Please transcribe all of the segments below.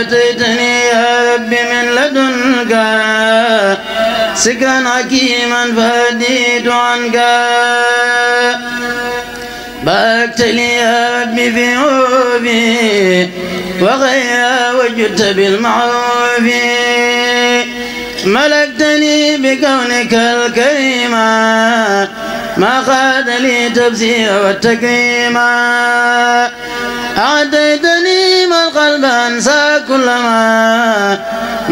آتيتني يا رب من لدنك سكرا حكيما فهديت عنك باركت لي يا رب في عوفي وغيا وجدت بالمعروف ملكتني بكونك الكريم ما قاد لي تبزير والتكريم أعديتني ما القلب أنسى كل ما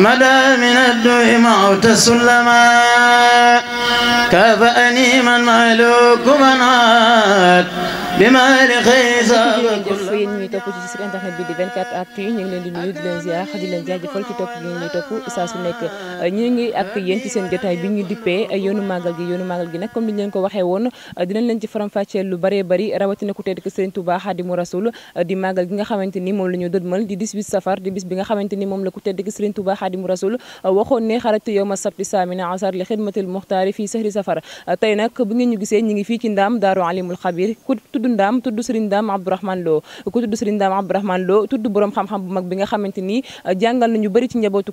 مدى من الدوء موت السلما كافأني من مالوك من عاد بما لخي سابق jërëjëf yéen ñuy topp ci site internet bi di 24 actu ñu ngi leen di nuyu di leen ziar di leen jaajëfal ci topp gi ñuy topp saa su nekk ñu bi ñu ko waxee woon dinañ leen ci faram-fàccee lu bëree bëri rawatina ku tedd ki Serigne Touba Khadimou di màggal gi nga xamante moom la ñu dëdmal di 18 safar di bis bi nga xamante moom la ku tedd ki Serigne Touba xaadimu rasul waxoon ne xarajtu yow ma sabti saamina asar li xidmatil muxtaari fii sahri safar tey nag bu ngeen ñu fii ci ndaam daaru alimul xabir ku ndaam tudd sëriñ ndaam abdourahman loo ku tudd sëriñ ci njabootu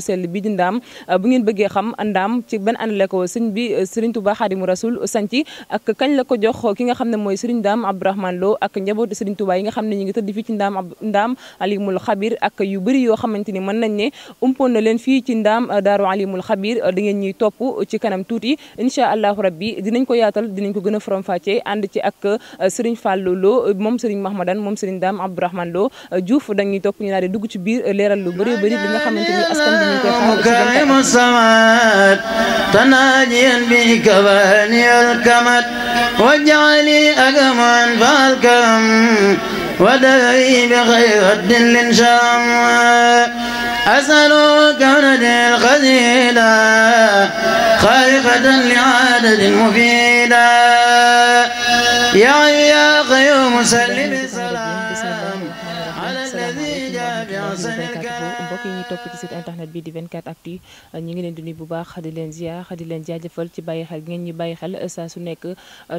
sell bi ndaam bu ngeen xam ndaam ci ban année la ko sëñ bi rasul sanci ak kañ la jox ki nga xam ne mooy sëriñ ndaam abdourahman loo ak njabootu sëriñ tuuba yi nga xam ne ñu ngi fii ci ndaam alimul xabir Xabir ak yu bëri yoo xamante ni mën nañ ne umpoon na leen fii ci ndaam euh, daaru alimul xabir euh, da ngeen ñuy topp euh, ci kanam tuuti incha allahu rabbi dinañ ko yaatal dinañ ko gën a faram-fàccee ànd ci ak Serigne Fallou Lo moom Serigne Mahmadan moom Serigne Dame Abdourahmane Lo Diouf dañuy topp ñu daal di dugg ci biir leeral lu bëri bëri li nga xamante ni askan bi ñu koy xaar. ودري بخير رد لنشام أسأله كون ذي القديلة خارقة لعادة مفيدة يا يا خير مسلم topp ci site internet bi di 24 actu ñi ngi leen di bu baax di leen ziar di leen jaajëfal ci bàyyi xel ngeen ñu bàyyi xel saa su nekk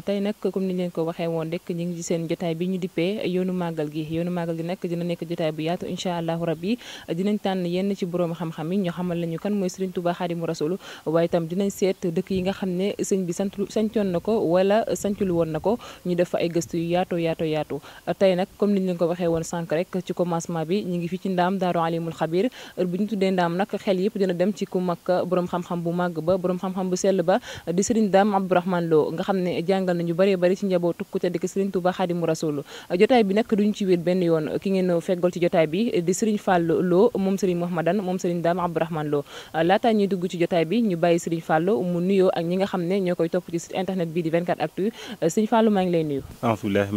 tey nag comme ni leen ko waxee woon rek ñu ngi ci seen jotaay bi ñu dippee yoonu màggal gi yoonu màggal gi nag dina nekk jotaay bu yaatu incha allahu rabbi dinañ tànn yenn ci borom xam-xam yi ñu xamal lañu kan mooy Serigne Touba Xaadimu Rasul waaye itam dinañ seet dëkk yi nga xam ne sëñ bi sant sancoon na ko wala sancul woon na ko ñu def ay gëstu yu yaatoo yaatoo yaatu tey nag comme ni leen ko waxee woon sànq rek ci commencement bi ñu ngi fi ci ndaam daaru alimul xabir heure bu ñu tuddee ndaam nag xel yëpp dina dem ci ku mag borom xam-xam bu màgg ba borom xam-xam bu sell ba di sëriñ Dame Abdourahmane loo nga xam ne jàngal nañu bëree bëri ci njabootu ku tedd ki sëriñ Touba Xaadimu Rasuul jotaay bi nag duñu ci yoon ki ngeen feggol ci jotaay bi di sëriñ Fallou Lo moom sëriñ Mouhamadan moom sëriñ Dame Abdourahmane Lo laataa ñuy dugg ci jotaay bi ñu bàyyi sëriñ Fallou mu nuyoo ak ñi nga xam ne ñoo koy topp ci internet bii di 24 actu sëriñ Fallou maa ngi lay nuyu auzu billahi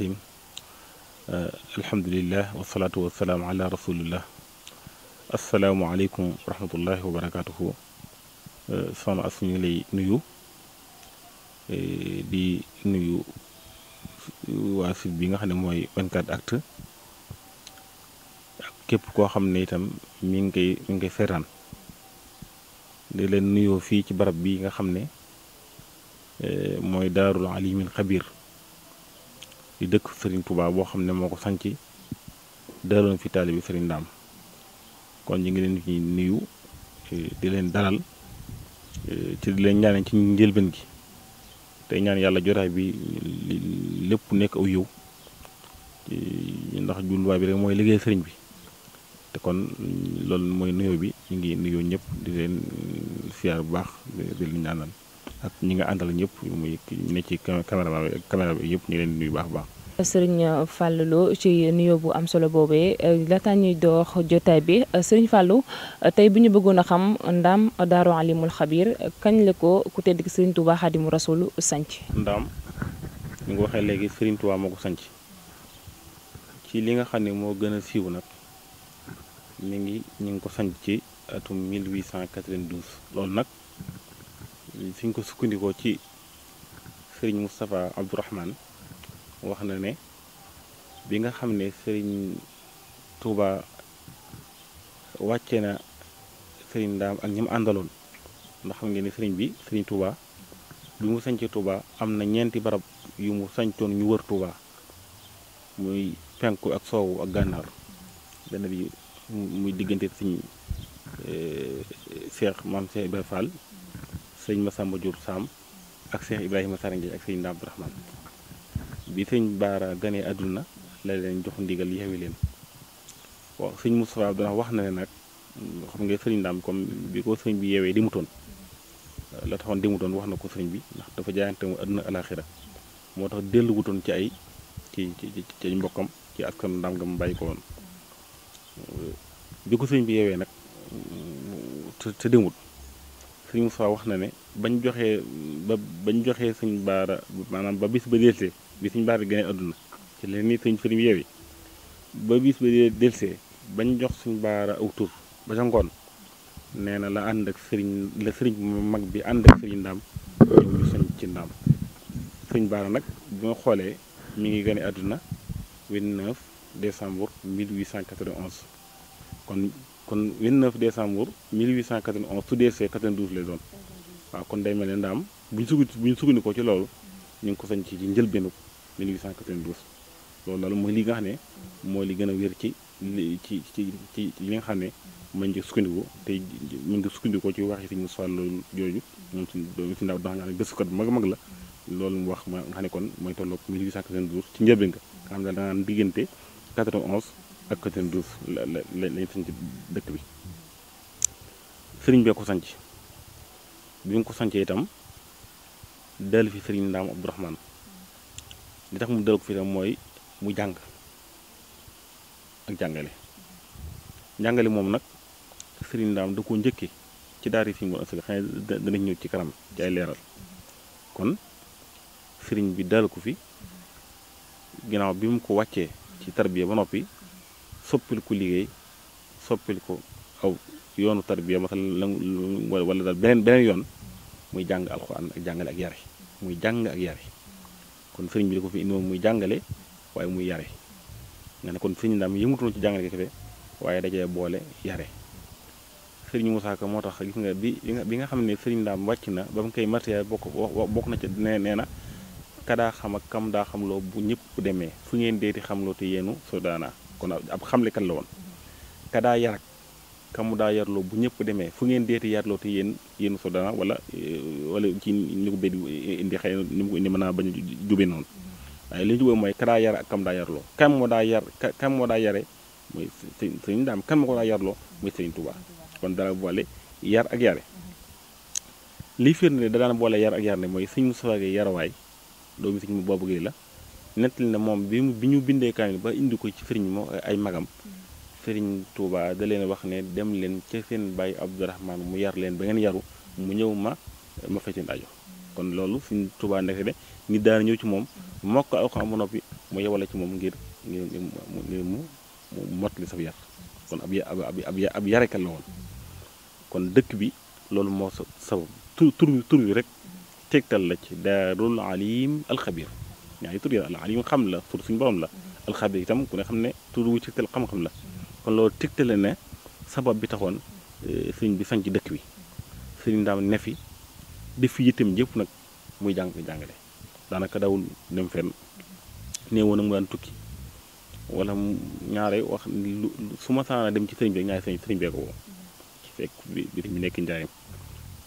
min Eh, alhamdulilah wasalaatu wasalaamu ala rasulillah asalaamualeykum wa rahmatullahi wa barakaatuhu eh, soxna as ñu ngi lay nuyu eh, di nuyu waa bi nga xam ne mooy 24actu képp koo xam ne itam mi ngi koy mi ngi koy seetaan di leen nuyoo fii ci barab bi nga xam ne mooy daarul alimin xabir li dëkk Serigne Touba boo xam ne moo ko sanc daloon fi bi Serigne Ndam kon ñu ngi leen fi nuyu eh, di leen dalal ci eh, di leen ñaanal ci njëlbeen gi te ñaan yàlla jotaay bi lépp nekk aw yow eh, ndax julluwaay bi rek mooy liggéey sëriñ bi te kon loolu mooy nuyoo bi ñu ngi nuyoo ñëpp di leen siyaar bu baax di leen ñaanal ak ñi nga àndal ñëpp muy ne ci caméra bi caméra bi yëpp ñu leen di nuyu baax a baax. sëriñ Fallou ci nuyoo bu am solo boobee euh, laataa ñuy doox jotaay bi euh, sëriñ fàllu euh, tey bu ñu bëggoon a xam ndaam Daaru Alimul Xabir kañ la ko ku tedd ki sëriñ Touba Xadimu Rasul sanc ndam ñu ngi waxee léegi sëriñ Touba moo ko sanc ci li nga xam ne moo gën a siiw nag mi ngi ñu ngi ko sanc ci atum 1892 loolu nag fi ko sukkandikoo ci sëriñ Moustapha Abdourahmane wax na ne bi nga xam ne sëriñ Touba wàcce na sëriñ Ndaam ak ñi mu àndaloon ndax xam ngeen ne bi sëriñ Touba bi mu sañc Touba am na ñeenti barab yu mu sañcoon ñu wër Touba muy penku ak soowu ak gànnaar benn bi muy diggante Serigne eh, Cheikh Maam Cheikh Ibrahima Fall Serigne Massamba Diop Sam ak Cheikh Ibrahima Sara Ndiaye ak Serigne Ndaam Abdourahmane bi sëñ Baara ganee àdduna la leen jox ndigal yeewi leen waaw sëñ Moustapha dana wax na ne nag xam nga sëñ ndaam comme bi ko sëñ bi yeewee di mu toon la taxoon di mu toon wax na ko sëñ bi ndax dafa jaayante àdduna alaaxira moo tax delluwutoon ci ay ci ci mbokkam ci askan ndam nga mu ko woon nag te te demut sëñ Moustapha wax na ne bañ joxee ba bañ joxee sëñ Baara maanaam ba bis ba deesee bi suñ baara gën a àdduna ci la nii suñ firim yeewi ba bis ba di delsee bañ jox suñ baar aw tur ba ca ngoon nee na la ànd ak sëriñ la sëriñ mag bi ànd ak sëriñ ndaam ñëw ñu sañ ci ndaam sëriñ baara nag bu ma xoolee mi ngi gën a àdduna 29 décembre 1891 kon kon 29 décembre 1891 su deesee 92 lay doon waaw kon day mel ne ndaam buñ sukk buñ sukkandikoo ci loolu ñu ngi ko sañ ci njëlbeenu 1892 loolu daal mooy li nga xam ne moo li gën a wér ci ci ci ci li nga xam ne mën nga sukkandiku te mën nga sukkandikoo ci waxi Sëñ Moussa loolu jooju moom suñ doom si ndaw daxa nga xam mag mag la loolu mu wax ma nga xam ne kon mooy tolloog 1892 ci njëlbeen nga nga xam ne da naan diggante 91 ak 92 la la lañ sanc dëkk bi sëriñ bee ko sanc bi nga ko sancee itam dellu fi sëriñ Ndaam Abdourahmane li tax mu dal ko fi tam mooy mu jàng ak jàngale jàngale moom nag sëriñ Ndaam da koo njëkkee ci daari si mu asaka xëy ci kanam ci leeral kon Serigne bi dal ko fi ginnaaw bi mu ko wàccee ci tarbiya ba noppi soppil ko liggéey soppil ko aw yoonu tarbiya masal la wala beneen beneen yoon muy jàng alxuraan ak jàngale ak yare muy jàng ak yare kon sëriñ bi da ko fi indi muy jàngale waaye mu yare nga ne kon sëriñ Ndaam yëngatuwoon ci jàngale kese waaye dajee boole yare sëriñ Moussa moo tax gis nga bi bi nga xam ne sëriñ Ndaam wàcc na ba mu koy martial bokk bokk na ca nee nee na kadaa xam kam daa xam loo bu ñëpp demee fu ngeen deeti xam loo te yeenu so daana kon ab xamlekat la woon kadaa yarak kamuda yarloo bu ñëpp demee fu ngeen deeti yarloo te yéen yéen sodana wala euh, wala ci ni ko bédi indi xëy ni mu ko indi mën naa bañ a jube noonu waaye li kam daa yarloo kan moo ko kon dara boole yar da daan yar ak yar mooy sëñ Mustafaa Gey yarawaay la nettali na moom bi bi ñu bindee ba indi ko ci sëriñ moo ay magam Serigne Touba da leen wax ne dem leen ca seen bàyyi Abdourahman mu yar leen ba ngeen yaru mu ñëw ma ma fay seen aju kon loolu Serigne Touba ndeke de nit daan ñëw ci moom mokk alxuraan ba noppi mu yewale ci moom ngir ngir ngir mu mottali sa yar kon ab ab ab ab yarekat la woon kon dëkk bi loolu moo sa sabab tur tur bi rek tegtal la ci daarul alim alxabir ñaari tur yi al alim xam la tur suñ borom la alxabir itam ku ne xam ne tur wu ci tegtal xam-xam la kon loolu tegtale ne sabab bi taxoon e, sëriñ bi sañ ci dëkk bi sëriñ daam nefi fi def fi itam jëpp nag muy jàng ko jàngale daanaka dawul dem fenn néewoon nag mu daan tukki wala ñaare wax su ma saana dem ci sëriñ bi ñaare sëriñ bee ko woo nekk njaareem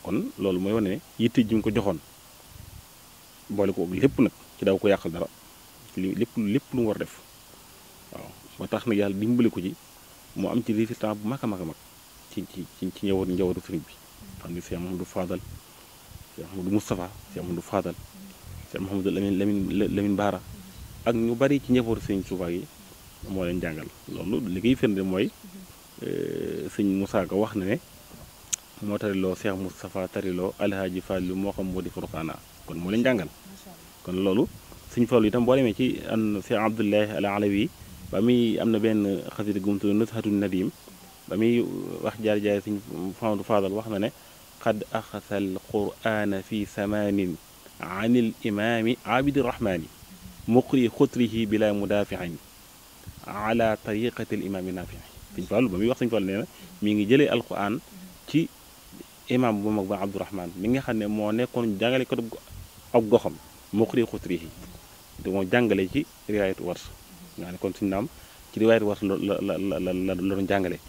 kon loolu mooy wane ne yitte ji mu ko joxoon boole ko lépp nag ci daw ko yàqal dara lépp lépp lu mu war def waaw moo tax nag yàlla dimbali ko ci mu am ci résultat bu mag a mag a mag ci ci ci ci njabootu njabootu sëriñ bi xam ni Cheikh Mouhamadou Fadal Cheikh ak ñu bari ci njabootu sëriñ Touba yi moo leen jàngal loolu li mooy eh, sëñ Moussa wax na ne moo tariloo Cheikh Moustapha tariloo Alhaaji Fallu moo xam moo di Furqaana kon moo leen jàngal kon loolu sëñ Fallu itam boo demee ci an Cheikh Abdoulaye Al ba muy am na benn xasida gum tudd Nuzhatun Nadim ba muy wax jaar jaar suñ Mouhamadou Fadal wax na ne qad axasal qur'ana fi samanin an il imami abidi rahmaani muqri xutrihi bila mudaafiin ala tariqati l imaami naafiin suñ Fàllu ba muy wax suñ Fàllu nee na mi ngi jëlee alquran ci imam bu mag ba Abdourahman mi nga xam ne moo nekkoon jàngale ko ab goxam muqri xutrihi te moo jàngale ci riwaayatu Wars nga xam ne kon suñu naam ci riwaayat war la jàngale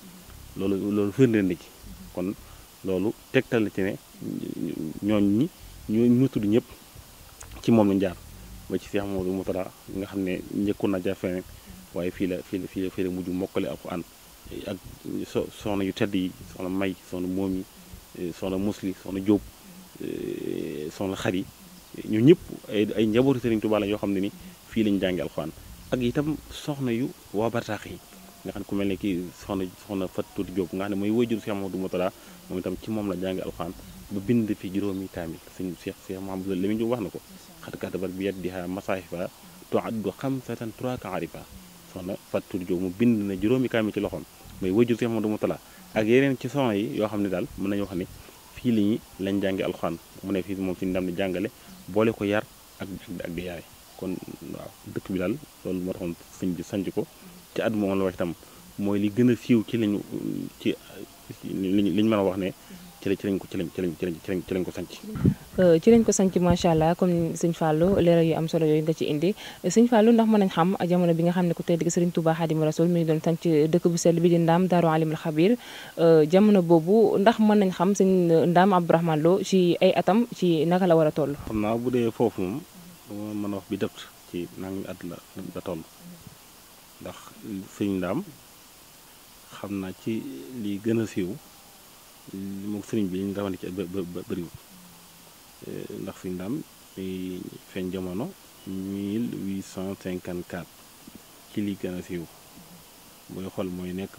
loolu loolu firndeel na kon loolu tegtal la ci ne ñooñ tudd ñëpp ci moom lañ jaar ba ci Seex Mamadu Mutara nga xam ne njëkkoon na jaar feneen waaye fii la fii la fii la fii la mujj mokkale Alxuraan ak so soxna yu tedd yi soxna May soxna Moom yi soxna Musli soxna Jóob soxna Xari ñun ñëpp ay ay njabootu Sëriñ Tuubaa la yoo xam ne ni fii lañ jànge Alxuraan ak itam soxna yu waa bartaax yi nga xam ne ku mel ne kii soxna soxna Fat Tuuti Jóob nga xam ne mooy wajur Cheikh Mamadou Moutala moom itam ci moom la jàngi alxuraan ba bind fi juróomi kaamil sëñ Cheikh Cheikh Mamadou Lamine Jóob wax na ko xat katabat bi yadiha masaahifa tuaddu xamsatan turaka arifa soxna Fat Tuuti Jóob mu bind na juróomi kaamil ci loxoom mooy wajur Cheikh Mamadou Moutala ak yeneen ci soxna yi yoo xam ne daal mën nañu wax ne fii li ñi lañ jàngi alxuraan mu ne fii moom fi ndam di jàngale boole ko yar ak ak di yaay kon waaw dëkk bi daal loolu moo taxoon sëñ bi sanc ko ci at moom la itam mooy li gën a siiw ci lañu ci li ñu mën a wax ne ci la ko ci lañ ci lañ ci lañ lañ ko sanc euh, ci ko sanc macha allah comme sëñ Fallou leeral yu am solo yooyu nga ci indi sëñ Fallou ndax mën nañ xam jamono bi nga xam ne ku tedd gi Sëriñ Touba Xaadimu Rasuul mi ngi doon sanc dëkk bu sell bi di Ndaam Daaru Alimul Xabiir euh, jamono boobu ndax mën nañ xam sëñ Ndaam Abdourahmane Lo ci ay atam ci naka la war a toll xam naa bu dee foofu moom dama mën a wax bi dëpp ci nangami at la toll ndax sëñ ndaam xam naa ci li gën a siiw moom sëriñ bi ñu rawante ci bëriwul eh, ndax sëñ ndaam feeñ jamono cinquante 1854 ci li gën a siiw booy xool mooy nekk 1300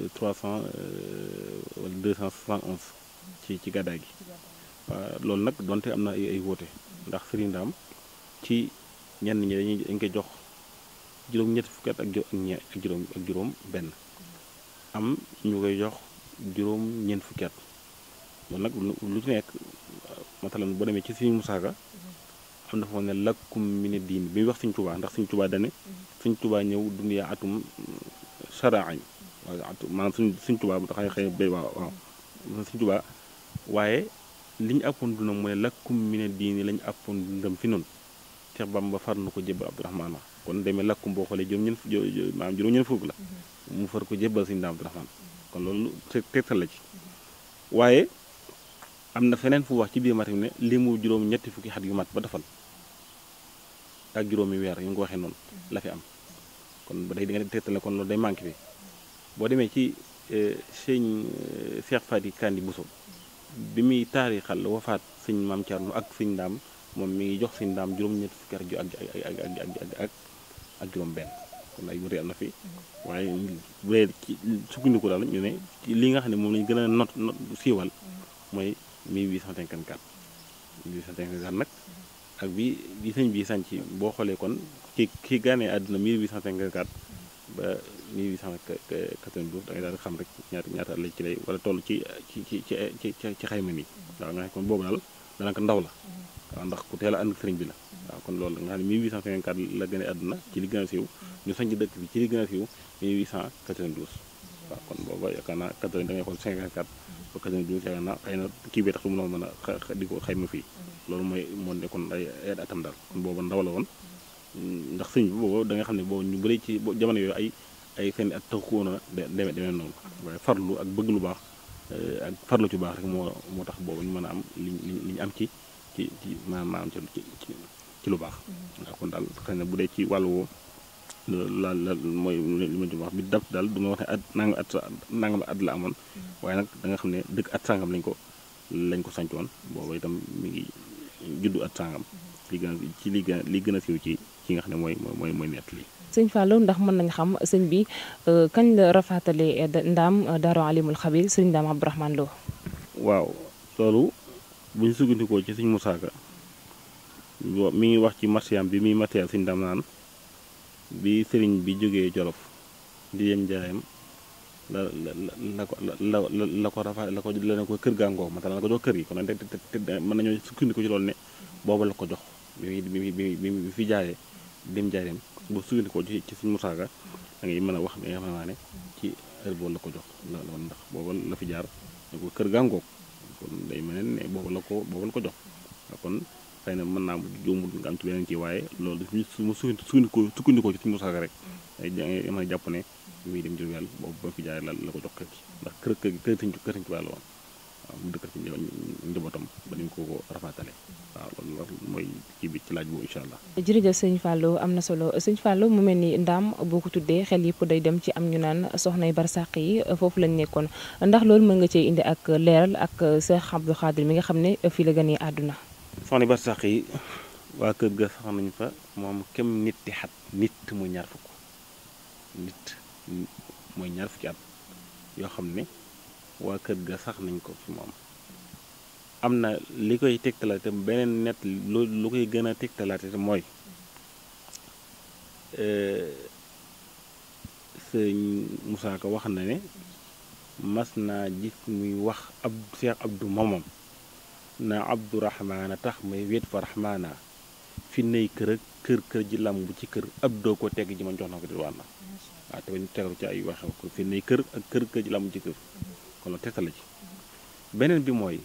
eh, wala 271 ci ci gàddaay gi loolu nag donte am na ay ay ndax sëriñ ndaam ci ñenn ñi dañuy dañ koy jox juróom-ñetti fukki at ak juróom ak benn am ñu koy jox juróom-ñeent fukki at loolu nag lu ci nekk matalan boo demee ci Sëriñ Musaa am na foo ne lakkum mi ne diin bi wax suñ Tuubaa ndax Sëriñ Tuubaa dane Sëriñ Tuubaa ñëw duniyaa atum saraañ waaw suñ tubaa Tuubaa mu tax waaye li ñu àppoon dundam mu ne lakkum mi ne diin lañu àppoon dundam fi noonu ba Bamba farlu ko jébbal Abdourahmane kon demee lakkum boo xoolee juróom ñeen maanaam juróom ñeen fukk la mhm. mu far ko jébbal sëñ Daam Abdourahmane mhm. kon loolu tegtal la ci mhm. waaye am na feneen fu wax ci biir matam ne li mu juróom ñetti fukki xat yu mat ba defal ak juróomi weer yu ngi waxee noonu la fi am kon ba day di nga tegtal ne kon loolu day manqué bi boo demee ci e, sëñ e, Cheikh Fadi Kandi Bousso bi muy taarixal wafaat sëñ Maam Thierno ak sëñ Daam moom mi ngi jox sëñ daam juróom-ñett fukki ak ak ak ak juróom-benn kon ay wute am na fi waaye bu dee ci sukkandiku daal ñu ne ci li nga xam ne moom lañu gën a not not siiwal mooy 1854 1854 nag ak bi bi sëñ bi sànc boo xoolee kon ki ki gaanee àdduna 1854 ba 1892 da ngay daal xam rek ñaata ñaata lañ ci lay wala toll ci ci ci ci ci xayma nii waaw nga xam kon boobu daal. daanaka ndaw la waaw ndax ku teel a ànd sëriñ bi la waaw kon loolu nga xam ne 1854 la gën a àdduna ci li gën a siiw ñu sañ ci dëkk a siiw 1892 waaw kon booba yaakaar naa 80 da ngay xool kii bi tax du mënoo mën a di ko xayma fii loolu mooy moo nekkoon ay ay atam daal kon booba ndaw la woon ndax sëñ bi booba da nga xam ne boobu ñu bëri ci jamono yooyu ay ay seen at taxu ko woon a demee demee noonu waaye farlu ak bëgg lu baax Euh, ak farlu ci baax rek moo moo tax boobu ñu mën a am li ñu am ci ci ci maanaam ci ci lu baax. Mm-hmm. waaw kon daal xëy na bu dee ci wàll woo la la mooy li ma ci wax bi dab daal du ma wax ne at nangam at nangam at la amoon mm-hmm. waaye nag da nga xam ne dëkk at sangam lañ ko lañ ko sancoon booba itam mi ngi juddu at sangam. Mm-hmm. li gën ci li gën a li gën a siiw ci ci nga xam ne mooy mooy mooy nett lii. sëñ Fallou ndax mën nañ xam sëñ bi euh, kañ la rafaatale euh, ndaam euh, Daaru Alimul Xabir sëñ ndaam Abdourahmane Lo waaw loolu bu ñu suggandikoo ci sëñ Moussa Ka mi ngi wax ci marsiyaam bi muy matériel sëñ ndaam naan bi sëriñ bi jógee Jolof di yem njaayam la la la ko rafa la ko la ko kër gàngoo maanaam la kër yi kon nag te mën nañoo sukkandiku ci loolu ne boobu la ko jox bi bi bi bi fi jaayee dem jaareem boo sukkandikoo ci ci suñu musaaga da ngay mën a wax li nga xam ne ci heure boobu la ko jox la woon ndax booba la fi jaar kër gàngoog kon day mel ne booba la ko booba ko jox kon xëy na mën naa jóomul nga am ci beneen kii waaye loolu su sukkandikoo sukkandikoo ci suñu musaaga rek da mën a jàpp ne muy dem jur yàlla boobu ba fi jaar la la ko jox kër gi ndax kër kër kër kër sëñ Tuubaa la woon waaw mu dëkkal ci njabootam ba ni am na solo sëñ Fallou mu mel ni ndaam boo ko tuddee xel yëpp day dem ci am ñu naan soxnay barsàq yi foofu lañ nekkoon ndax loolu mën nga cee indi ak leeral ak Cheikh Abdou Khadir mi nga xam ne fii la gënee àdduna. soxnay barsàq yi waa kër ga sax nañ fa moom kem nit di xat nit muy ñaar fukk nit mooy ñaar fukki at yoo xam ne. waa kër ga sax nañ ko fi moom am na li koy tegtalaate beneen net lu koy gën a tegtalaate mooy eh, sëñ Moussa ko wax na ne mas naa gis muy wax ab Seex Abdu moomam naa Abdourahmaana tax may wéet fa rahmaana fi nay kër ak kër kër ji làmb ci kër ab doo ko tegg ji man jox na ko di te ci ay waxew ko fi nay kër ak kër ji làmb ci kër mm-hmm. kon loolu tegtal la ci beneen bi mooy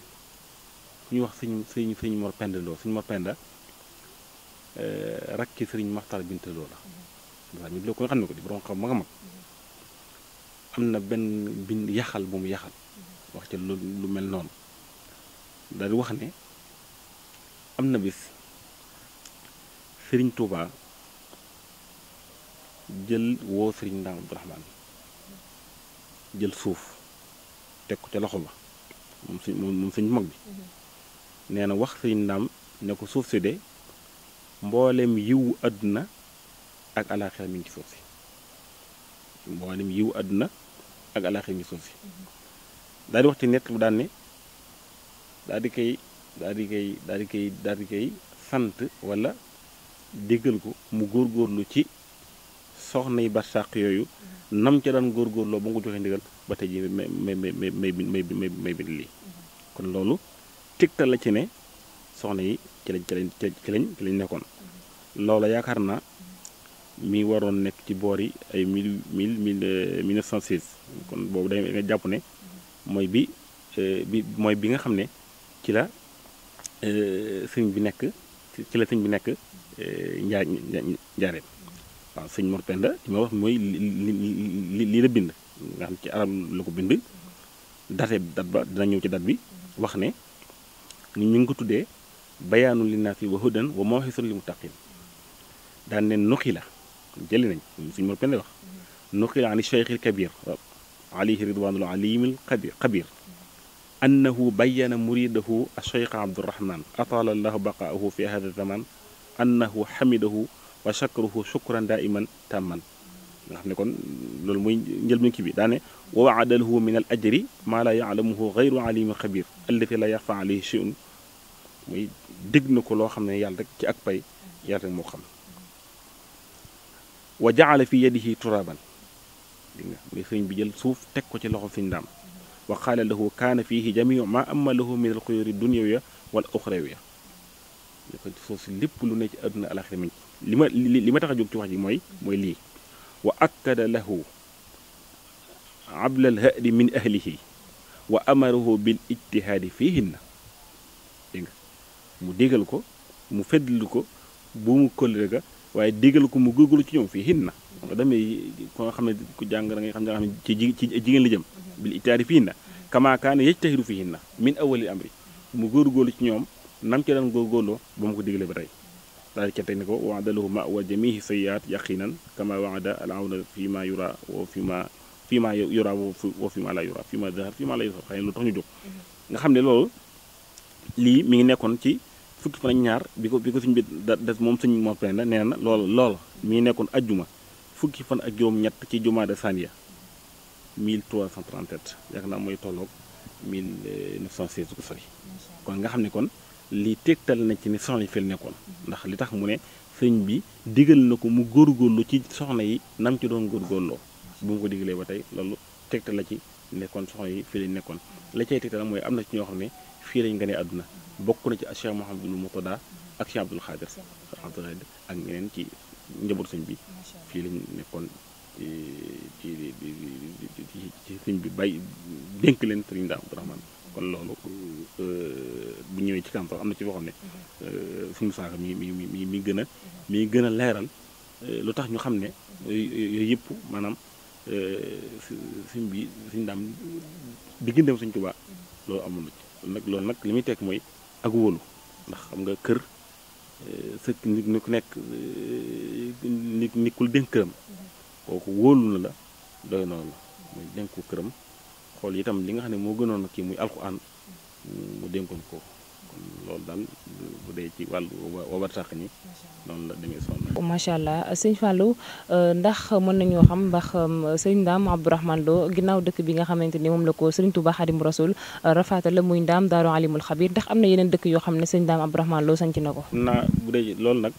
ku ñuy wax sëñ sëñ sëñ Mor Penda Lo sëñ eh, rakki sëriñ Maxtaar Binta Lo la waaw ñu loo ko xam ne ko di borom xam ma nga mag am na benn bind yaxal bu mu lu mel noonu daal wax ne am na bi sëriñ Touba jël woo sëriñ Ndaam Abdourahmane jël suuf teg ko ca loxo ba moom suñ moom suñ mag bi mm-hmm. nee na wax sëriñ ndam ne ko suuf si de mboolem yiwu àdduna ak alaaxira mi ngi ci suuf si mboolem yiwu àdduna ak alaaxira mi ngi ci suuf mm-hmm. di wax ci nett bu daan ne daal di koy daal di koy daal di koy daal di koy sant wala déggal ko mu góorgóorlu ci soxna yi barsàq yooyu mm-hmm. nam ca daan góorgóorloo ba nga ko joxe ndigal ba tey jii may may may may may may bind lii kon loolu tegtal la ci ne soxna yi ci lañ ci lañ ci lañ ci lañ nekkoon loola yaakaar naa mi waroon nekk ci boor yi ay mille mille euh, mille neuf cent seize kon boobu day nga jàpp ne mooy bi euh, bi mooy bi nga xam ne ci la euh, sëñ bi nekk ci la sëñ bi nekk njaa njaareem waaw sëñ Mor Penda li ma wax mooy li li li la bind nga xam ci arab la ko bind date dat ba dina ñëw ci dat bi wax ne ñu ngi ko tuddee bayaanu linnaasi wa hudan wa mawxisun li muttaqin daan ne nuqi la jëli nañ suñu mor pende wax nuqi la ani cheikhil kabir alayhi ridwanul alimil xabir annahu bayana muridahu acheikha abdurahman ataala allahu baqaahu fi nga xam ne kon loolu mooy njëlbéen kii bi daane wa waada lahu min al maa laa yaalamuhu gayru alimi xabir allati la yaxfa alayhi shay'un mooy dig na ko loo xam ne yàlla rek ci ak pay yàlla moo xam wa jaale fi yadihi turaban dégg nga muy sëriñ bi jël suuf teg ko ci loxo fi ndaam wa qaala lahu kaana fiihi jamiu ma amma lahu min al xuyuri dunyawiya wal uxrawiya suuf si lépp lu ne ci àdduna alaxira mi li ma li ma tax a jóg ci wax ji mooy mooy lii wa akkada lahu ablal hadi min ahlihi wa amarahu bil ijtihaadi fihinna dégg nga mu digal ko mu feddli ko bu mu kóllëre ga waaye digal ko mu góorgóorlu ci ñoom fihinna nga demee ko nga xam ne ku jàng da nga xam ne ci jigéen li jëm bil ijtihaadi fihinna kamaa kaana yajtahidu fihinna min awwalil amri mu góorgóorlu ci ñoom nam ca daan góorgóorloo ba mu ko digalee ba tey daalika teg ne ko waadalahu ma wa jamihi sayiat yaqinan kama waada al awna fi ma yura wa fi ma fi ma la yura fi ma dahar ma la yura xëy na lu tax ñu jóg mm-hmm. nga xam ne loolu lii mi ngi nekkoon ci fukki fan ak ñaar bi ko bi ko bi da des moom suñ moo prenda nee na loolu loolu mi ngi nekkoon juma fukki fan ak juróom-ñett ci jumaada saniya 1337 yaakaar naa mooy tolloog 1916 ko sori kon nga xam ne kon lii tegtal nañ ci ne soxna yi fi nekkoon ndax li tax mu ne sëñ bi digal na ko mu góor góorgóorlu ci soxna yi nam ci doon góor góorgóorloo bu mu ko digalee ba tey loolu tegtal la ci nekkoon soxna yi fii lañ nekkoon la cay mooy am na ci ñoo xam ne fii lañ gënee àdduna bokk na ci Cheikh Mouhamadul Moutada ak Cheikh Abdoul Khadir Abdoul Khadir ak ñeneen ci njaboot sëñ bi fii lañ nekkoon ci ci sëñ bi bay dénk leen sëriñ Daam Abdourahmane kon loolu Euh, bu ñëwee ci kanam sax am na ci boo xam ne euh, fu mu sànq mi mi mi mi gën a mi gën a leeral euh, lu tax ñu xam ne yooyu yëpp maanaam suñ bi suñ daam digganteem suñ Tuubaa loolu amoon nag loolu nag li muy tekk mooy ak wóolu ndax xam nga kër sa nit ni ku nekk nit ni kul dénk këram kooku wóolu na la doy noonu la mooy dénk ko këram xool tam li nga xam ne moo gënoon kii muy alxuraan mu dénkoon ko kon loolu daal bu dee ci wàllu wabartàq ñi noonu la demee sonn. macha allah sëñ Fallou euh, ndax mën nañoo xam ndax euh, sëñ Ndaam Abdourahmane Lo ginnaaw dëkk bi nga xamante ni moom la ko sëriñ Touba Xadim Rasul euh, rafaata la muy Ndaam Daaru Alimul Xabir ndax am na yeneen dëkk yoo xam ne sëñ Ndaam Abdourahmane Lo sanc na ko. naa bu dee loolu nag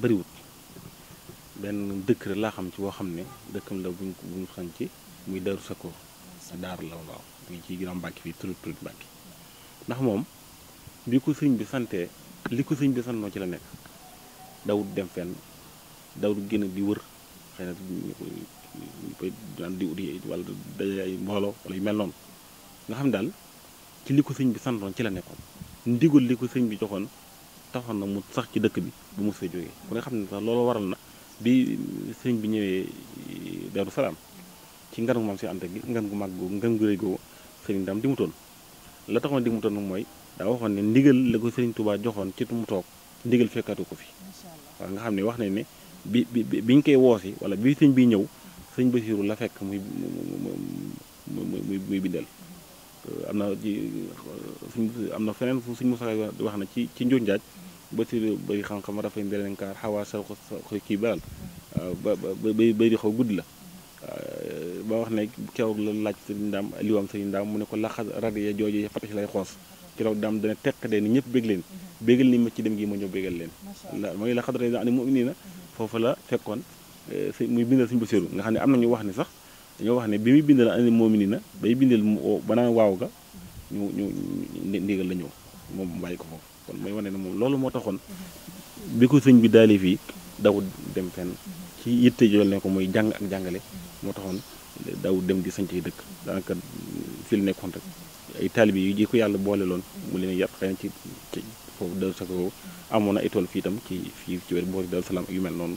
bëriwut benn dëkk la laa xam ci boo xam ne dëkkam la buñ buñ sanc muy Daaru Sakko daaru la waaw mi ngi ciy gën a mbàkk ndax moom li ko sëriñ bi santee li ko sëriñ bi santoo ci la nekk dawut dem fenn dawut génn di wër xëy na di uti wala daje ay mbooloo wala yu mel noonu nga xam daal ci li ko sëriñ bi santoon ci la nekkoon ndigal li ko sëriñ bi joxoon taxoon na mu sax ci dëkk bi bu mu fee jógee ku nga xam ne sax loolu waral na bi sëriñ bi ñëwee Daaru Salaam ci ngan gu si ànd gi ngan gu mag googu ngan gu rëy googu sëriñ daam di mu la taxoon dig mu toog mooy daa waxoon ne ndigal la ko Serigne Touba joxoon ci mu toog ndigal fekkatu ko fi waaw nga xam ne wax na ne bi bi biñ koy woosi wala bi sëñ bi ñëw sëñ Basiiru la fekk muy muy muy bindal euh, am na suñ am na feneen suñ Musaa wax na ci ci njuur njaaj Basiiru bëri xam-xam rafet mbir nañ kaar xawaa sa kii baral euh, ba ba bay xaw guddi la Euh, ba wax ne keroog la laaj sëriñ daam liwaam sa daam mu ne ko laxa radiya jooju fatax lay xoos keroog daam dana teq de ni ñëpp bég leen mhm. bégal ma ci dem gi ma ñëw bégal leen mooy la xadra da ani mu ne am na ñu wax ne sax dañoo wax ne bi muy bindal ani moom nii na bay bindal banaan waaw ga ñu ñu ndigal la ñëw moom mu bàyyi ko foofu kon mooy wane ne moom loolu moo taxoon bi ko sëñ bi daali fii dawul dem fenn mhm. ci yitte jël ne ko mooy jàng ak jàngale mhm. moo taxoon daw dem di sañc yi dëkk daanaka fi la nekkoon rek ay taalibe yu ji ko yàlla boole loon mu leen yar xëy na ci foofu Daaru Sakho amoon na ay tool fii itam ci fii ci wér boori Daaru yu mel noonu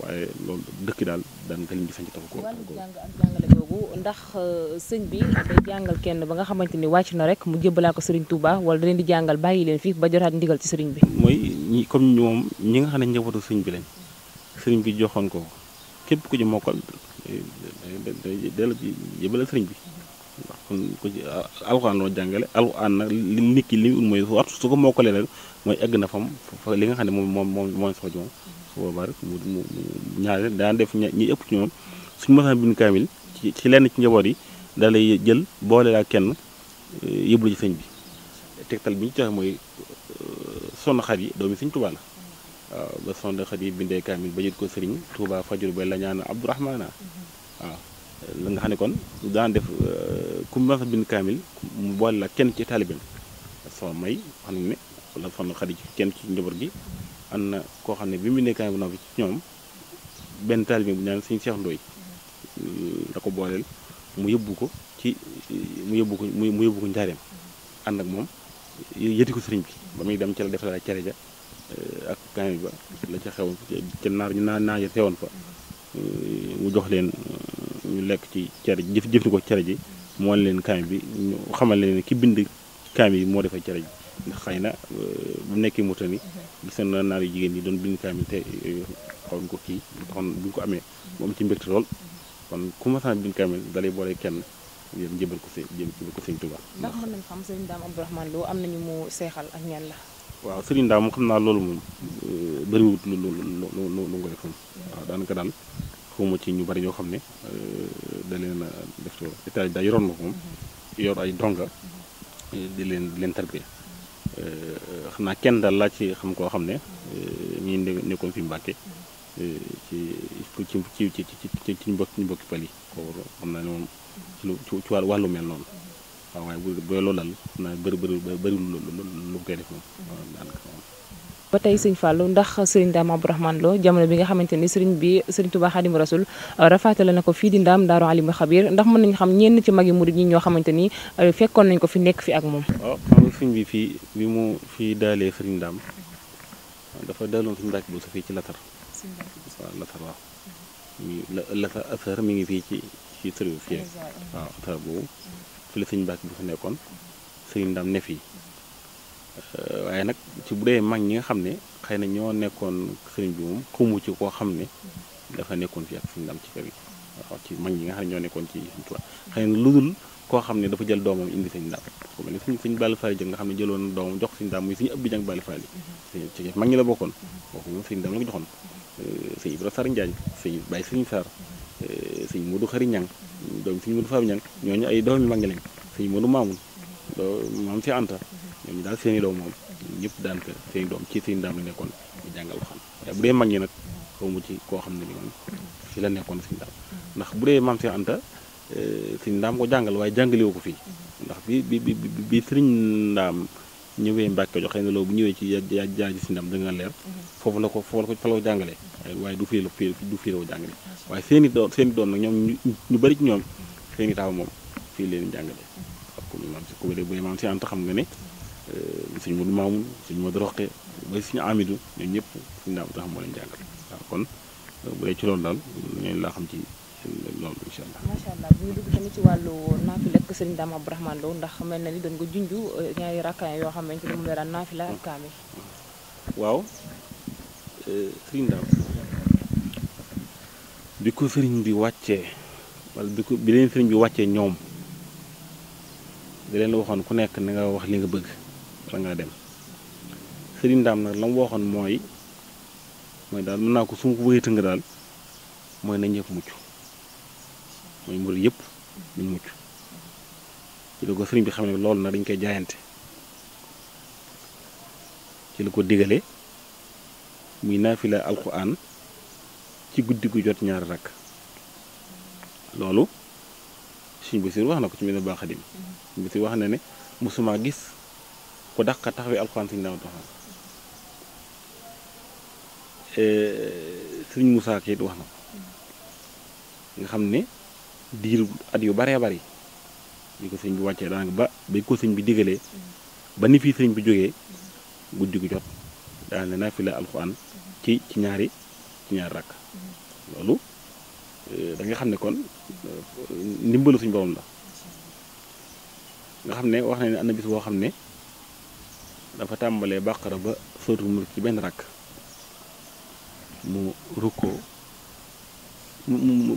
waaye loolu dëkk daal daanaka liñ di sañc taxu ko wàllu ndax euh, sëñ bi day jàngal kenn ba nga xamante ni wàcc na rek mu jébbalaa ko sëriñ Touba wala da leen di jàngal bàyyi leen fii ba jotaat ndigal ci sëriñ bi mooy ñi comme ñi moom ñi nga xam ne njabootu sëñ bi lañ sëriñ bi joxoon ko képp ko ci mokkal day delloo ci sëriñ bi ndax kon ku ci ah, alxuraan loo jàngale alxuraan nag li nit ki li muy waxtu su ko mokkalee rek mooy egg na fam fa li nga xam ne moom moom moom mooy soxla ci moom su boobaa rek mu mu ñaare def ñi ëpp ci ñoom suñu masaan bind kaamil ci lenn ci njaboot yi da jël boole laa kenn yëblu ci sëñ bi tegtal bi ñu joxe mooy euh, sonn xar yi doomi sëñ Tuubaa waaw ba sonde xat yi bindee kaamil ba jël ko sëriñ Touba fajur ba la ñaan Abdourahmana waaw nga xam ne kon daan def euh, ku mu mën a bind kaamil mu boole la kenn ci taalibeem soo may wax nañu ne wala sonde xat yi kenn ci njaboot gi am na koo xam ne bi mu bindee kaamil bu ci ñoom benn taalibe bu ñaan suñu Seex Ndooy ko booleel mu yóbbu ko ci mu yóbbu ko mu yóbbu ko njaareem ànd ak moom yëti ko sëriñ bi ba muy dem ci la defal la cere ja Euh, ak kaay ba la ca xew ca naar ñu naa naa ja xewoon fa euh, mu jox leen euh, ñu lekk ci cere jëf jëfandikoo cere ji mu wan leen kaay bi ñu xamal leen ki bind kaay bi moo defee cere ji ndax xëy na bu nekkee Mauritanie gis na naar yu jigéen ñi doon bind kaay bi te xawoon ko kii taxoon bi ñu ko amee mu am ci mbégte lool kon ku ma saa bind kaay bi dalay boole kenn yéen jëbal ko seen jëbal ko seen tubaab. ndax mën nañu xam sëñ Dame Abdourahmane Lo am nañu mu seexal ak ñan la. waaw Serigne Dame xam naa loolu moom bariwut lu lu lu lu lu ngoy xam waaw daanaka daal xawma ci ñu bari ñoo xam ne da leen a def loolu état daa yoroon na ko moom yor ay donga di leen di leen xam naa kenn daal laa ci xam koo xam ne ñi nekkoon fi Mbàkke ci ci ci ci ci ci ci mbokki mbokki pal yi ko xam naa ne moom ci lu ci wàllu mel noonu waaw waaye bu bu loolu ba tey sëñ Fallou ndax sëriñ Daam Abdou Rahmane Lo jamono bi nga xamante ni sëriñ bi sëriñ Touba Xaadimu Rasul euh, rafaatale na ko fii di ndaam Daaru Alimul Xabiir ndax mën nañu xam ñenn ci mag yi murid ñi ñoo xamante ni euh, fekkoon nañ ko fi nekk fi ak moom. waaw xam nga sëriñ bi fii bi mu fii daalee sëriñ Daam fii ci latar. waaw latar waaw. mi la ngi fii ci boobu. Mm-hmm. fële sëñ Mbàkke bu fa nekkoon sëriñ Ndam ne fii euh, waaye nag ci bu dee mag ñi nga xam ne xëy na ñoo nekkoon sëriñ bi moom xumu ci koo xam ne dafa nekkoon fii ak sëriñ Ndam ci kër gi waaw ci mag ñi nga xam ne ñoo nekkoon ci xëy na lu dul koo xam ne dafa jël doomam indi sëñ Ndam ku mel ne sëñ sëñ nga xam ne jëloon doomam jox sëñ Ndam muy sëñ Abdou Jang Balla Fall yi mag ñi la bokkoon kooku moom sëñ Ndam la ko joxoon euh, sëñ Ibra Sar Njaañ sëñ Baye sëñ Sar Eh, sëñ Modou Xari Ñang doom sëñ Modou Faam Ñang ñooñu ay doomi mag lañ sëñ Modou Maamun doo maam si Anta ñooñu daal seen i doom moom ñëpp daan ko seen doom ci seen daam la nekkoon di jàngal xam waaye bu dee mag ñi nag xaw ma ci koo xam ne ni moom la nekkoon sëñ daam ndax bu dee maam si Anta eh, sëñ ndaam ko jàngal waaye jàngalewu ko fii ndax bi bi bi bi sëriñ ndaam ñëwee Mbàkke joxe na loolu bu ñëwee ci yaa yaa ji si ndam danga leer mm-hmm. foofu la ko foofu la ko fa waaye waaye du firéelu fi du firéewu jàng bi waaye seeni doom seen i doon nag ñoom ñu bari ci ñoom seen i taaw moom fii leen jàngale ak ku maam si xam nga ne euh, suñu Modou Mamoun suñu Modou Roqe ba suñu Amidou ñoom ñëpp suñu daaw tax moo kon euh, bu dee ci loolu daal ñooñu laa xam ci loolu incha allah. macha allah bu ñu dugg tamit ci wàllu naafila ak sëriñ Dame Abdourahmane Lo ndax mel na ni dañ ko junj euh, ñaari rakkaan yoo xam ne moom la daan naafila ak kaamil. waaw Euh, sëriñ daam bi ko sëriñ bi wàccee wala bi ko bi leen sëriñ bi wàccee ñoom di leen waxoon ku nekk na nga wax li nga bëgg wala ngaa dem sëriñ daam nag la waxoon mooy mooy daal mën naa ko su ma ko bëggee tënk daal mooy nañ ñëpp mucc mooy murit yëpp nañ mucc ci ko sëriñ bi xam ne loolu nag dañ koy jaayante ci la ko digale muy naafila alquran ci guddi gu jot ñaari rakk loolu suñ Basiir wax na ko ci mbir baax xadim suñ Basiir wax na ne mosuma gis ku dàq taxawee alquran suñu daaw doxal eh, suñ Musaa Ka wax na ko nga xam ne diir at yu baree bari li ko sëñ bu wàccee daanaka ba ba ko sëñ bi digalee ba ni fii sëñ bu jógee guddi gu jot. daan ne naafila alxuraan ci ci ñaari ci ñaari rakk loolu eh, da xam ne kon eh, ndimbalu suñu borom la nga xam ne wax nañ ne am na bis boo xam ne dafa tàmbalee bàqara ba sóotul mulk ci benn rakk mu rukkoo mu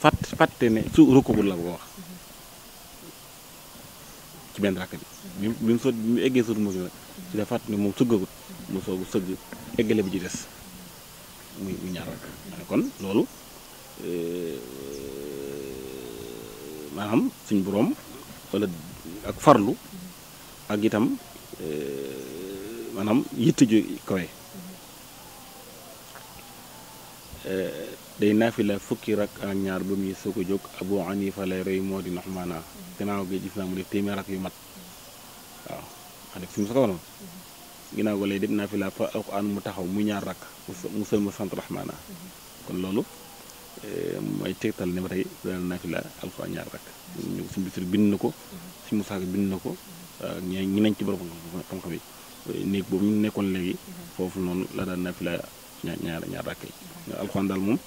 fàtt fàtte ne su rukkoo bu la ko wax ci benn rakk bi bi mu sot bi mu eggee sot mos nag ci dafa fàtt ne moom sëggagut mu soogu sëgg eggale bi ci des muy muy ñaar rakk kon loolu euh, maanaam suñ boroom wala ak farlu ak itam euh, maanaam yitt ju kawe euh, day naafila fukki rak ak ñaar ba muy soog a jóg abu hanifa lay roy moo di noxmaana gannaaw gi gis naa mu def téeméer rak yu mat waaw a def si mu mu taxaw mu ñaar rak mu sël ma kon loolu eh, mooy tegtal ne ba tey bind na ko si bind na ko ñe ñi nañ ci borom xam-xam nekkoon léegi foofu noonu la daan naafila ñaar ñaar rakk yi alxuraan daal moom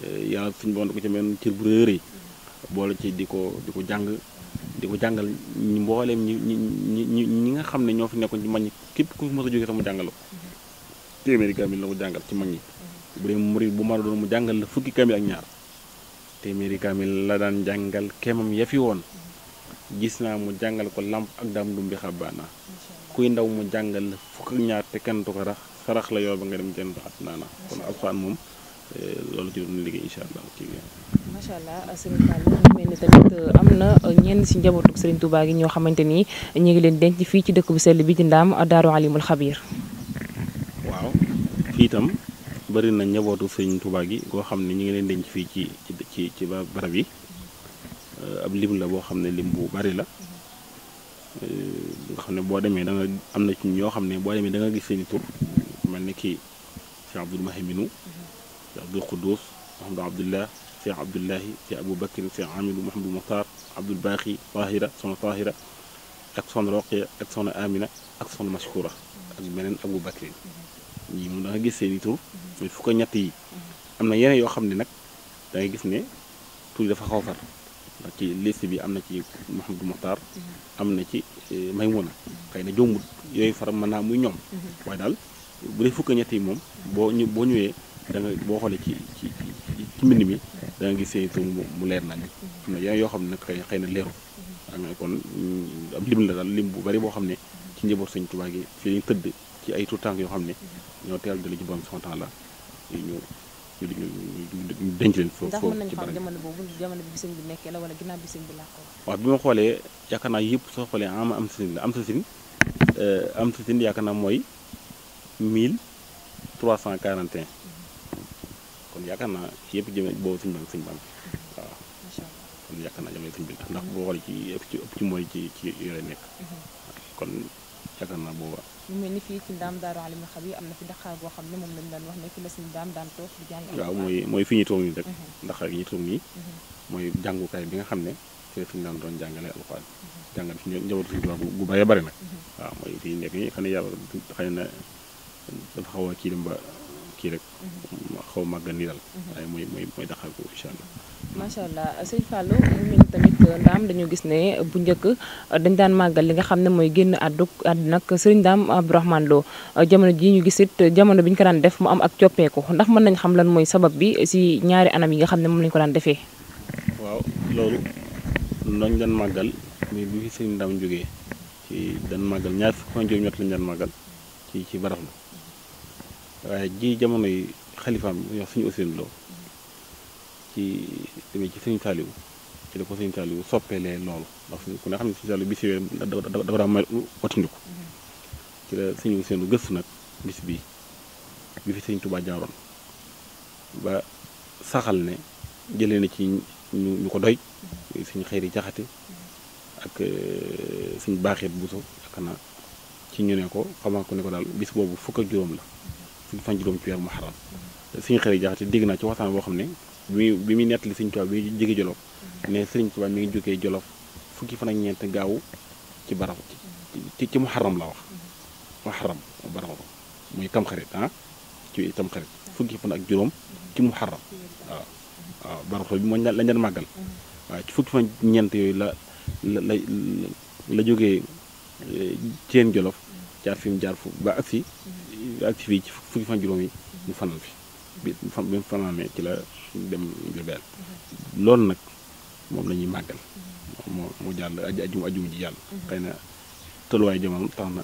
Eh, yàlla suñu boo da ko ci bu rëy rëy boole di ko di ko jàng di ko jàngal ñi mbooleem ñi ñi ñi ñi nga xam ne ñoo fi nekkoon ci mag ñi képp ku mos a jógee sax mu téeméeri kaamil la ko jàngal ci mag ñi bu dee bu mara doon mu jàngal la fukki kaamil ak ñaar téeméeri kaamil la daan jàngal kemam ya fi woon gis naa mu jàngal ko làmp ak daam dum bi xabaana kuy ndaw mu jàngal la fukk ak ñaar te kenn du ko rax sarax la yoo ba nga dem jënd xat naana kon alxuraan moom loolu ci doon liggéey incha allah kii bi. macha mel ni tamit euh, am na ñenn si njabootu sëriñ tubaa gi ñoo xamante ni ñu ngi leen denc fii ci dëkk bu sell bi ci ndaam Daaru Alimul Xabiir. waaw fii itam bëri na njabootu sëriñ Touba gi koo xam ne ñu ngi leen denc fii ci ci ci barab yi euh, ab la boo xam ne lim bu bari la. Euh, nga xam ne boo demee da am na ci ñoo xam ne boo demee da gis seen i mel ni kii Cheikh Abdoul Mahiminu fi abdul quddus mahamadu abdullah fi abdullahi fi abou bakrin fi amidu mahamadu muxtaar abdul baaxi tahira soxna tahira ak soxna roqiya ak soxna amina ak soxna mashkura ak beneen abou bakrin ñii moom da nga gis seen i tur mais fu ko ñett yi am na yeneen yoo xam ne nag da gis ne tur yi dafa xaw far ndax ci liste bi am na ci Mouhamadou Mokhtar am na ci eh, Maymuna xëy na jombut yooyu faram man naa muy ñoom mhm. waaye daal bu dee fukk ñett yi moom boo ñëwee da nga boo xoolee ci ci mbind mi da nga gis seen tur mu leer na am na yeneen yoo xam ne nag xëy na leeru am na kon mm, ab lim la daal lim bu bari boo xam ne ci njaboot sëñ Tuubaa gi fii lañ tëdd ci ay tuut tànk yoo xam ne ñoo teel dala ci borom son temps la ñu ñu ñu denc leen foofu ndax mën nañu xam jamono boobu jamono bi sëñ bi nekkee la wala ginnaaw bi sëñ bi làkkoo waaw bi ma xoolee yaakaar naa yëpp soo xoolee am am sasin la am sasin euh, am sasin yaakaar naa mooy 1341 kon yaakaar naa ci yëpp jëme boobu suñu bam suñu bam waaw kon yaakaar naa jëmale ndax boo ci ëpp ci ëpp ci mooy ci ci nekk mhm. kon yaakaar naa booba ñu mel ni fii ci ndaam am na fi daqaar boo xam ne moom lañ daan wax ne fi la suñu daam daan toog waaw mooy mooy fi ñu toog nii rek mhm. ndax ñu toog nii mhm. mooy jàngukaay bi nga xam ne fi la daan doon jàngale alxuraan jàngal fi njabootu suñu tubaab gu bëree bëri nag waaw mooy fii nekk nii xam ne yàlla xëy na dafa xaw ci kii kii rek. xaw ma màggandiral. Mhm. waaye mooy mooy mooy daxal ko incha allah. allah sëñ Fallou mu mel tamit ndaam dañu gis ne bu njëkk dañ daan màggal li nga xam ne mooy génn àddu àdduna ak sëriñ Ndaam Abdourahmane Lo jamono jii ñu gis it jamono bi ko daan def mu am ak coppeeku ndax mën nañ xam lan mooy sabab bi si ñaari anam yi nga xam ne moom lañ ko daan defee. waaw loolu dañ daan màggal muy bu fi sëriñ jógee ci daan màggal ñaar fukki fan juróom-ñett lañ daan màggal ci ci barab la waaye ji jamono yi xalifaam yi wax suñu Ousseynou Lo ci demee ci suñu Saliou ci la ko suñu Saliou soppeelee loolu ndax suñu ku daal nag bis bii bi fi sëñ Touba jaaroon ba saxal ne jëlee na ci ñu ñu ko doy suñu xëyri jaxate ak suñu baaxeet buso ak ci ñu ne ko xamaa ko ne ko daal bis boobu fukk juróom la fukki fan juróom ci weeru muharram suñu xëri jaxate dégg naa ci waxtaan boo xam ne bi bi muy nettali Sëriñ Tuubaa bi jóge Jolof ne Sëriñ Tuubaa mi ngi jógee Jolof fukki fan ak ñeent gaaw ci barab ci ci la wax muharram barab muy tamxarit ah ci ak juróom ci muharram waaw waaw barab bi mooy lañ daan màggal waaw ci fukki fan ñeent yooyu la la la la jógee eh, ceen Jolof jaar fi jaar fu ba ak si ak si fii ci fukki fan juróom yi mu fanaan fi bi mu fanaanee ci la dem Jurbel loolu nag moom lañuy ñuy màggal moo moo jàll ajum ajuma ji jàll xëy na tolluwaay jamono tax na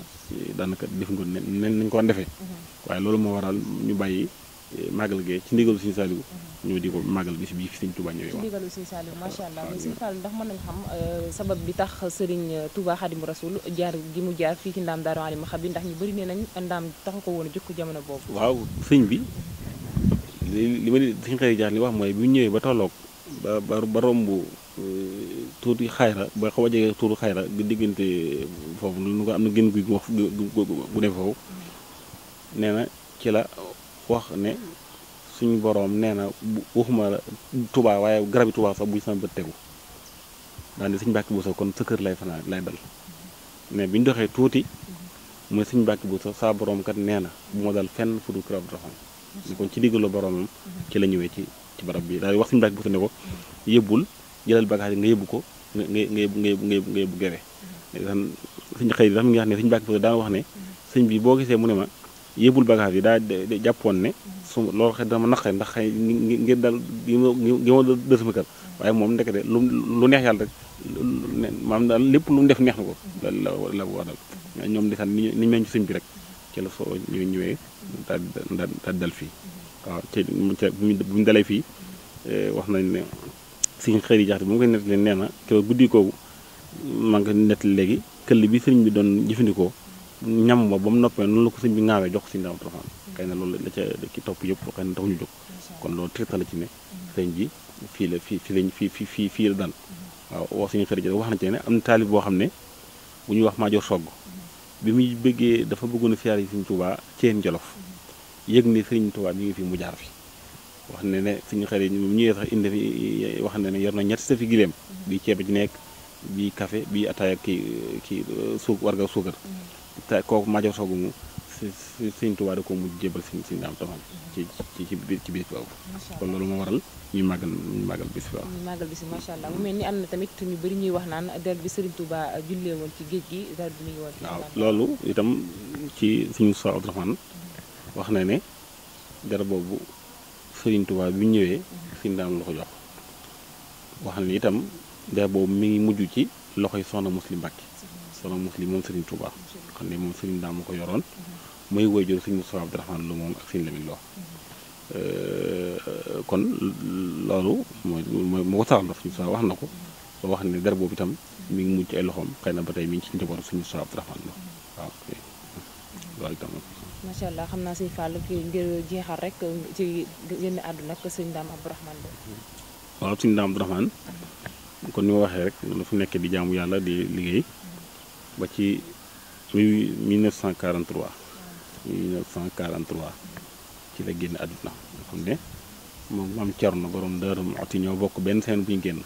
daanaka def ngoon nen nañ ko defee mhm. waaye loolu moo waral ñu bàyyi màggal gee ci ndigalu Sëriñ Saliou ñoo di ko màggal bis bii fi Sëriñ Touba ñëwee wax ci ndigalu Sëriñ Saliou macha allah Sëriñ Fallou ndax mën nañ xam sabab bi tax Sëriñ Touba Xadimu Rasul jaar gi mu jaar fii ci ndaam Daaru Alimul Xabiir ndax ñu bëri ne nañ ndaam taxu ko woon a jukk jamono boobu waaw sëñ bi li ma di sëñ xëy jaar li wax mooy bu ñëwee ba tolloog ba ba romb tuuti xayra ba xaw a jege tuuti xayra di diggante foofu lu ko am na gën guy gu wax foofu nee ci la wax ne suñu boroom nee na waxuma la Touba waaye garabi Touba sax buy sama bët tegu daane suñu bàkki sax kon sa kër lay fanaan lay dal mais bi ñu doxee tuuti mooy suñu bàkki buusa saa boroom kat nee na bu ma dal fenn fu dul kër kon ci diggalu boroomam ci la ñëwee ci ci barab bi daal di wax suñu bàkki buusa ne ko yëbbul jëlal bagage yi nga yëbbu ko nga nga nga yëbbu nga yëbbu nga yëbbu gewe suñu xëy bi sax ngi wax ne suñu bàkki buusa daana wax ne sëñ bi boo gisee mu ne ma yëbul bagage yi daal jàppoon ne su loolu xëy dama naqe ndax xëy ngir dal gi ma gi ma dër waaye moom ndekete lu lu neex yàlla rek maam daal lépp lu mu def neex na ko la la wax daal ñoom di san ni ñu meñ ci sëñ bi rek ci la soo ñu ñëwee daal daal dal fii waaw ci bu ñu dalee fii eh, wax nañ ne sëñ xëy yi jaxte bu ma koy nettali nee na keroog guddi kooku maa ngi ko nettali léegi këll bi sëriñ bi doon jëfandikoo ñam ba ba mu noppee noonu la ko sëñ bi ŋaawee jox si ndam Abdourahmane xëy na loolu la ca ci topp yëpp xëy na tax ñu jóg kon loolu ci ne sëñ bi fii la fii fii lañ fii fii fii fii la dal waaw wax suñu xarit wax na ci ne am na boo xam ne bu ñu wax Maajoor Sogg bi mu bëggee dafa bëggoona a yi suñ tubaa Tuubaa ceen Jolof yëg ne sëñ Tuubaa mi ngi fi mu jaar fi wax ne ne suñu xarit ñu ñëwee sax indi fi wax ne ne yor na ñetti sa fi gileem bi ceeb ci nekk bi café bi ataaya ki kii suuk warga suukar te kooku Madior Sow mu Sëñ Tuubaa da ko mujj jébal si si ndaam tafal ci ci ci biir ci bis boobu kon moo waral ñuy màggal ñuy bi waaw ñuy bi macha allah mu mel ni am na tamit ñu bari ñuy wax naan del bi Sëriñ Tuubaa jullee woon ci géej gi dal bi mi ngi loolu itam ci suñu so Abdourahmane wax na ne dara boobu Sëriñ Tuubaa bi ñëwee mhm. si ndaam la jox wax na ne itam dara boobu mi ngi mujj ci loxo yi soxna Muslim Mbàkke soxna muslim moom Serigne ko yoroon muy waajur Serigne Moustapha Abdourahmane Lo moom euh, moo ko saxal Serigne Moustapha wax ko wax ne der mi ngi mujj xëy na ba tey mi ngi ci njaboot Serigne Moustapha Abdourahmane allah xam naa sëñ Fallou ki ngir jeexal rek ci génn àdduna ak sëñ Daam Abdourahmane Lo waaw sëñ Daam Abdourahmane kon ni ma waxee rek lu fi nekk di jaamu yàlla di liggéey ba ci mi 1943 1943 ci la génn àdduna nga xam ne moom maam Cerno borom Daaru Muxti ñoo bokk benn seen bu ñu génn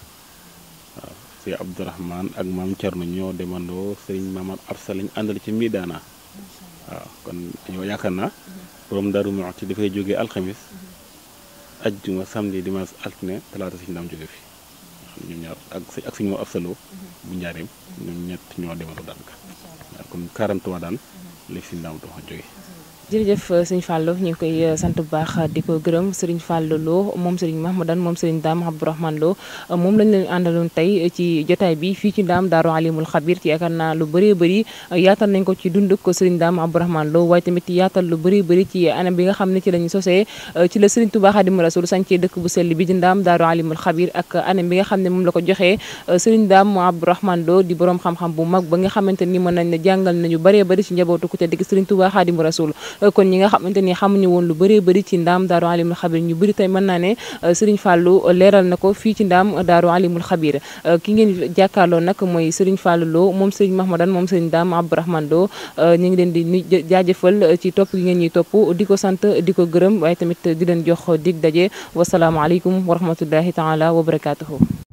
waaw si Abdourahman ak maam Cerno ñoo demandoo sëriñ Maamar Absa lañ àndal ci Midaana waaw kon ñoo yaakaar naa borom Daaru Muxti dafay jógee alxamis ajjuma samedi dimanche altine talaata si ndam jóge fi ñoom ñaar ak ak suñu ab bu njaareem ñoom ñett ñoo demandoo daanaka waaw kon 43 daan la fi ndaaw doon jógee jërëjëf euh, sëñ Fallou ñu ngi koy euh, sant bu baax euh, di ko gërëm sëriñ Fallou Lo moom sëriñ Mahmoudane moom sëriñ Dame Abdourahmane Lo moom lañ leen àndaloon tey ci jotaay bi fii ci Ndaam Daaru Alimul Xabir ci yaakaar naa lu bëree bëri yaatal nañ ko ci dund ko sëriñ Dame Abdourahmane Lo waaye tamit yaatal lu bëree bëri ci anam bi nga xam ne ci lañu sosee ci la sëriñ Touba Xaadimu Rasul sancee dëkk bu sell bi di Ndaam Daaru Alimul Xabir ak anam bi nga xam ne moom la ko joxee sëriñ Dame Abdourahmane Lo di borom xam-xam bu mag ba nga xamante ni mën nañ ne jàngal nañu bëree bëri ci njabootu ku ca dëkk sëriñ Touba Xaadimu Rasul Euh, kon ñi nga xamante ni xamuñu woon lu bëree bari ci ndaam daaru alimul xabir ñu bëri tey mën naa ne euh, Serigne Fallou euh, leeral na ko fii ci ndaam daaru alimul xabir ki ngeen jàkkaarloo nag mooy Serigne Fallou Lo moom Serigne Mahmadan moom Serigne Dame Abdourahmane Lo ñu ngi leen di jaajëfal ci topp gi ngeen ñuy topp di ko sant di ko gërëm waaye tamit di leen jox dig daje wasalaamaaleykum wa rahmatullahi taala wa barakaatuhu